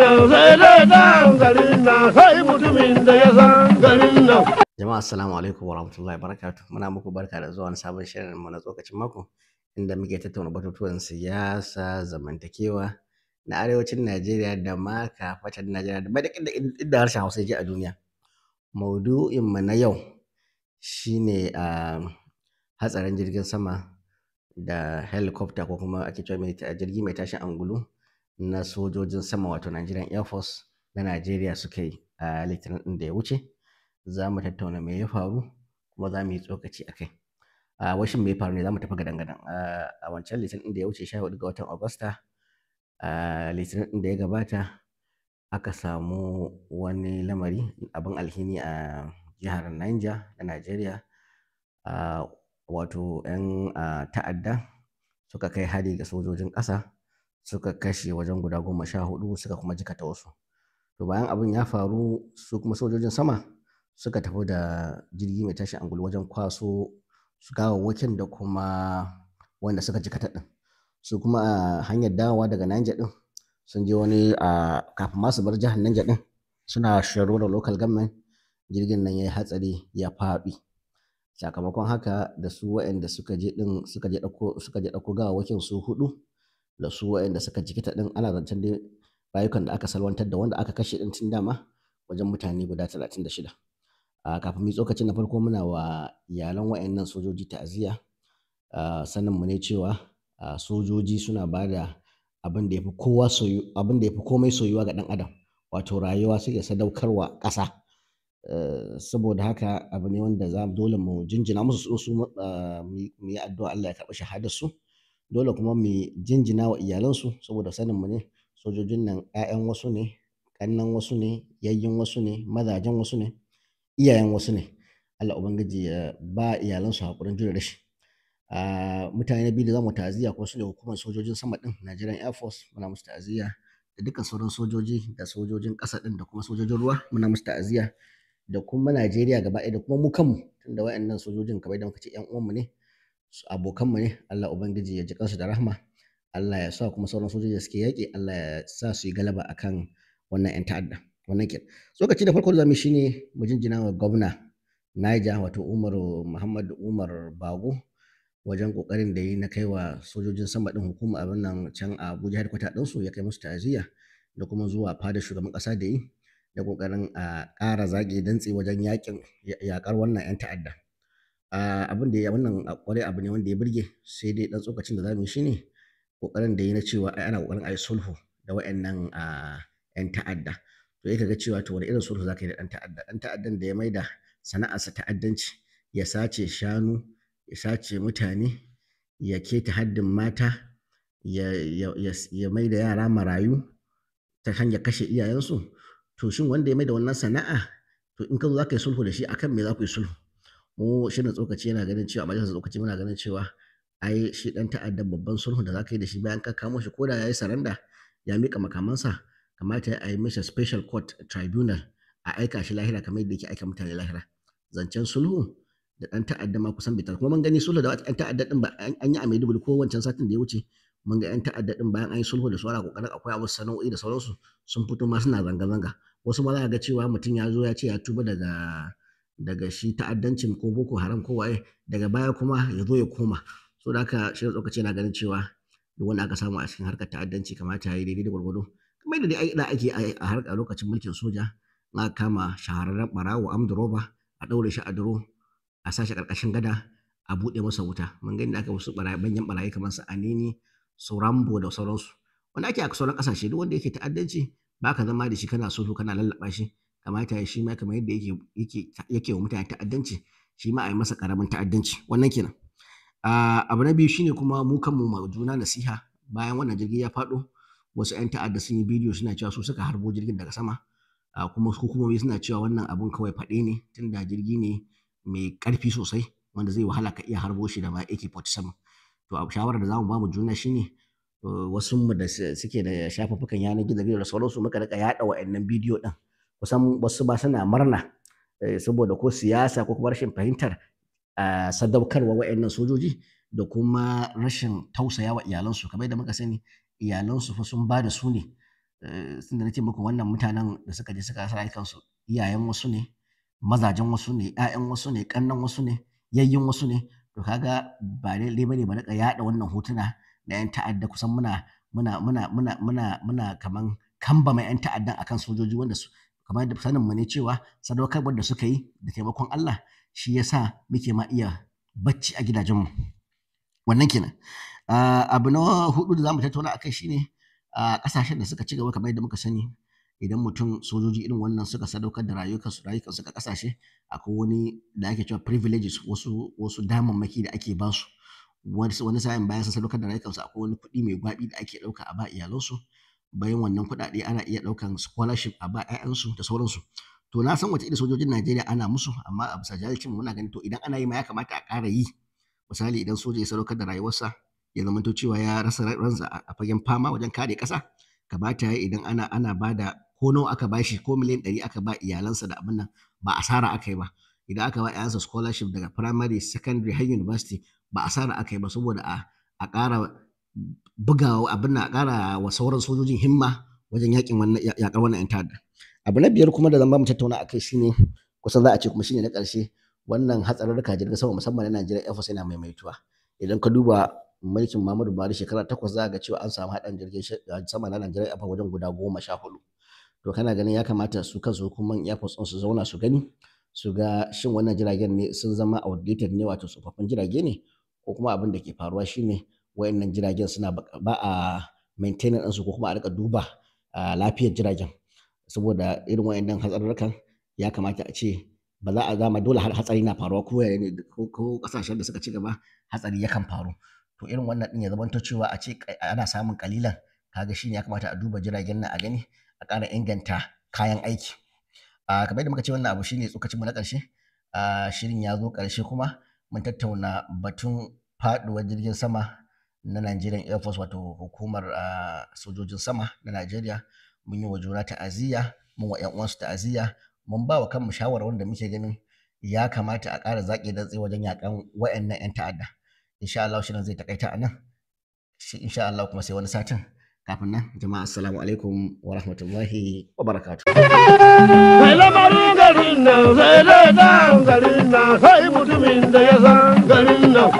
sai dai Jama'a assalamu alaikum warahmatullahi wabarakatuh. Muna muku barka da zuwa sabon shirin mu na tsokacin mako inda muke tattauna batutuwan siyasa, zamantakewa na arewacin Najeriya da ma kafatan Najeriya da madakin da inda harshen Hausa yake a duniya. Maudu'in mu na yau shine a ah, hatsarin jirgin sama da helicopter ko kuma ake cewa jirgi mai tashin angulu na sojojin sama wato Nigerian Air Force na Najeriya suka yi a litinin ɗin da ya wuce za mu tattauna me ya faru kuma za mu yi tsokaci a kai a washin me ya faru ne za mu tafi gadan gadan a wancan litinin ɗin da ya wuce 14 ga watan Agusta a litinin ɗin da ya gabata aka samu wani lamari abin alhini a jihar Niger na Najeriya wato 'yan ta'adda suka kai hari ga sojojin ƙasa suka kashe wajen guda goma sha hudu suka kuma ta wasu to bayan abin ya faru su kuma sojojin sama suka tafi da jirgi mai tashi angulu wajen kwaso su wakin da kuma wanda suka ta din su kuma a hanyar dawowa daga Niger din sun je wani a kafin masu bar jihar Niger din suna sharo da local government jirgin nan ya yi hatsari ya faɗi sakamakon haka da su waɗanda suka je ɗin suka je ɗauko gawa wakin su hudu da su waɗanda suka jikita ɗin ana zancen da rayukan da aka salwantar da wanda aka kashe ɗin tun dama wajen mutane guda talatin da shida. kafin mu tsokacin na farko muna wa iyalan waɗannan sojoji ta'aziyya sannan mu ne cewa sojoji suna ba da abin da ya fi komai soyuwa ga ɗan adam wato rayuwa suke sadaukarwa ƙasa saboda haka abu ne wanda za mu dole mu jinjina musu su mu yi addu'a Allah ya karɓi shahadar su dole kuma mu jinjina wa iyalansu saboda sanin mu ne sojojin nan ƴaƴan wasu ne kannan wasu ne yayyin wasu ne mazajen wasu ne iyayen wasu ne Allah ubangiji ya ba iyalansu hakurin jure rashi mutane na biyu da zamu ta'aziyya kuma su ne hukumar sojojin sama din Nigerian Air Force muna musu ta'aziyya da dukkan sauran sojoji da sojojin ƙasa din da kuma sojojin ruwa muna musu ta'aziyya da kuma Najeriya gaba ɗaya da kuma mu kanmu tunda wayannan sojojin kamar da muka ce ƴan uwanmu ne abokanmu ne Allah ubangiji ya ji kansu da rahma Allah ya sa kuma sauran sojoji da suke yaƙi Allah ya sa su yi galaba akan wannan 'yan ta'adda wannan kin tsokaci da farko da zamu shine mu jinjina wa gwamna Naija wato Umar Muhammad Umar Bago wajen kokarin da yi na kai wa sojojin sama ɗin hukuma abin nan can a Abuja headquarter kwata su ya kai musu ta'aziyya da kuma zuwa fada shugaban ƙasa da yi da kokarin a ƙara zage dantse wajen yakin yakar wannan 'yan ta'adda Eh, abin da ya wannan kwarai abu ne wanda ya burge sai dai dan tsokacin da za mu yi shine kokarin da ya na cewa ai ana kokarin ai sulhu da wayannan yan ah, ta'adda to ya ga cewa to wani irin sulhu zaka yi da dan ta'adda dan ta'addan da ya maida sana'arsa ta'addanci ya sace shanu ya sace mutane ya keta haddin mata ya ya mai da yara marayu ta hanyar kashe iyayensu to shin wanda ya mai da wannan sana'a to in ka zo za ka yi sulhu da shi akan me za ku yi sulhu mu shirin tsokaci yana ganin cewa majalisar tsokaci muna ganin cewa ai shi dan ta'addan babban sulhu da zaka yi da shi bayan ka kamo shi koda yayi saranda ya mika makamansa kamata ya yi masa special court tribunal a aika shi lahira kamar yadda yake aika mutane lahira zancen sulhu da dan ta'adda ma kusan bitar kuma mun gani sulhu da dan ta'adda din ba an yi a Maiduguri ko wancan satin da ya wuce mun ga yan ta'adda din bayan an yi sulhu da su ana kokarin akwai abu sana'o'i da sauransu sun fito ma suna zanga-zanga wasu ma za ga cewa mutum ya zo ya ce ya tuba daga daga shi ta'addancin ko boko haram ko waye daga baya kuma ya zo ya koma so da haka shi yana na ganin cewa duk wanda aka samu a cikin harkar ta'addanci kamata ya yi daidai da gwargwado kamar da dai da ake a harkar lokacin mulkin soja na kama shahararren barawo amdu roba a ɗaure shi a duro a sashi ƙarƙashin gada a buɗe masa wuta mun gani inda aka wasu banyan barayi kamar su anini su rambo da sauransu wanda ake a sauran kasashe duk wanda yake ta'addanci ba ka zama da shi kana sulhu kana lallaba shi kamata ya shi ma kamar yadda yake yake yake wa mutane ta'addanci shi ma a yi masa karamin ta'addanci wannan kenan abu na biyu shine kuma mu kanmu ma juna nasiha bayan wannan jirgi ya faɗo wasu 'yan ta'adda sun yi bidiyo suna cewa su suka harbo jirgin daga sama kuma hukumomi suna cewa wannan abun kawai faɗe ne tunda jirgi ne mai ƙarfi sosai wanda zai wahala ka iya harbo shi da ma ak sama to abu shawarar da zamu ba mu juna shine wasu mu da suke da shafafukan yanar gizo da sauransu muka rika yaɗa wa'annan bidiyo ɗin kusan wasu ba suna murna eh, saboda ko siyasa ko kuma rashin fahimtar ah, sadaukarwa wa'annan sojoji da kuma rashin tausaya wa iyalansu kamar da muka sani iyalansu fa sun ba da su ne sun eh, da nake muku wannan mutanen da suka je suka sa kansu iyayen wasu ne mazajen wasu ne ƴaƴan wasu ne ƙannan wasu ne yayyin wasu ne to kaga ba dai bane ba rika yaɗa wannan hotuna na yan ta'adda kusan muna muna muna muna muna kaman kamba mai yan ta'addan akan sojoji wanda kamar da sanin mu ne cewa sadaukar da suka yi da taimakon Allah shi yasa muke ma iya bacci a gidajenmu wannan kenan abu na hudu da zamu tattauna shi ne a kasashen da suka ci gaba kamar da muka sani idan mutum sojoji irin wannan suka sadaukar da rayukansu rayukansu ga kasashe akwai wani da ake cewa privileges wasu wasu damammaki da ake basu wani sa'in bayan sun sadaukar da rayukansu akwai wani kuɗi mai gwabi da ake ɗauka a ba iyalansu bayan wannan kuɗaɗe ana iya ɗaukan scholarship a ba 'ya'yansu da sauransu to na san wace irin sojojin Najeriya ana musu amma a bisa jahilcin muna gani to idan ana yi ma ya kamata a ƙara yi misali idan soja ya sadaukar da rayuwarsa ya to cewa ya rasa ransa a fagen fama wajen kare ƙasa kamata ya idan ana ana ba da ko nawa aka ba shi ko miliyan ɗari aka ba iyalansa da abin nan ba asara aka yi ba idan aka ba ƴaƴansa scholarship daga primary secondary har university ba asara aka yi ba saboda a ƙara buga abin na ƙara wa sauran sojojin himma wajen yakin wannan yakar wannan yan ta'adda abu na biyar kuma da zan ba mu tattauna akai shine kusan za a ce kuma shine na ƙarshe wannan hatsarurruka jirgin sama musamman na Najeriya Air Force yana maimaituwa idan ka duba mulkin Muhammadu Buhari shekara takwas za ga cewa an samu haɗin jirgin sama na Najeriya Air wajen guda goma sha hudu to kana ganin ya kamata su kansu hukuman Air Force su zauna su gani su ga shin wannan jiragen ne sun zama outdated ne wato tsofaffin jirage ne ko kuma abin da ke faruwa shine wayannan jiragen suna ba a maintaining ɗinsu ko kuma a rika duba lafiyar jiragen saboda irin wayannan hatsarurrukan ya kamata a ce ba za a zama dole har hatsari na faruwa ko ne ko kasashen da suka ci gaba hatsari yakan faru to irin wannan din ya ta cewa a ce ana samun kalilan kaga shine ya kamata a duba jiragen nan a gani a ƙara inganta kayan aiki a kamar yadda muka ce wannan abu shine tsokacin mu na ƙarshe shirin ya zo ƙarshe kuma mun tattauna batun faɗuwar jirgin sama na Nigerian Air Force wato hukumar sojojin sama na Najeriya mun yi wa juna ta'aziyya mun wa 'yan uwansu ta'aziyya mun ba wa kanmu shawarwarin da muke ganin ya kamata a ƙara zaƙe da tsaye wajen yaƙan wa'annan 'yan ta'adda insha Allah shi zai takaita a nan shi insha Allah kuma sai wani satin kafin nan jama'a assalamu alaikum wa rahmatullahi wa barakatuh lamarin garin nan sai da garin nan sai mutumin da ya san garin nan